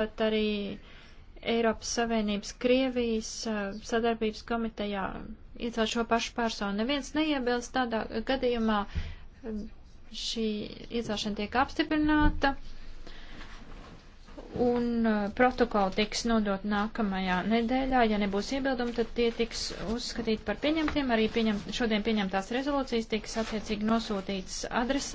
bet arī Eiropas Savienības Krievijas sadarbības komitejā iecelt šo pašu personu. Neviens neiebilst tādā gadījumā, šī iecelšana tiek apstiprināta un protokoli tiks nodot nākamajā nedēļā. Ja nebūs iebildumi, tad tie tiks uzskatīti par pieņemtiem. Arī pieņem, šodien pieņemtās rezolūcijas tiks attiecīgi nosūtītas adresē.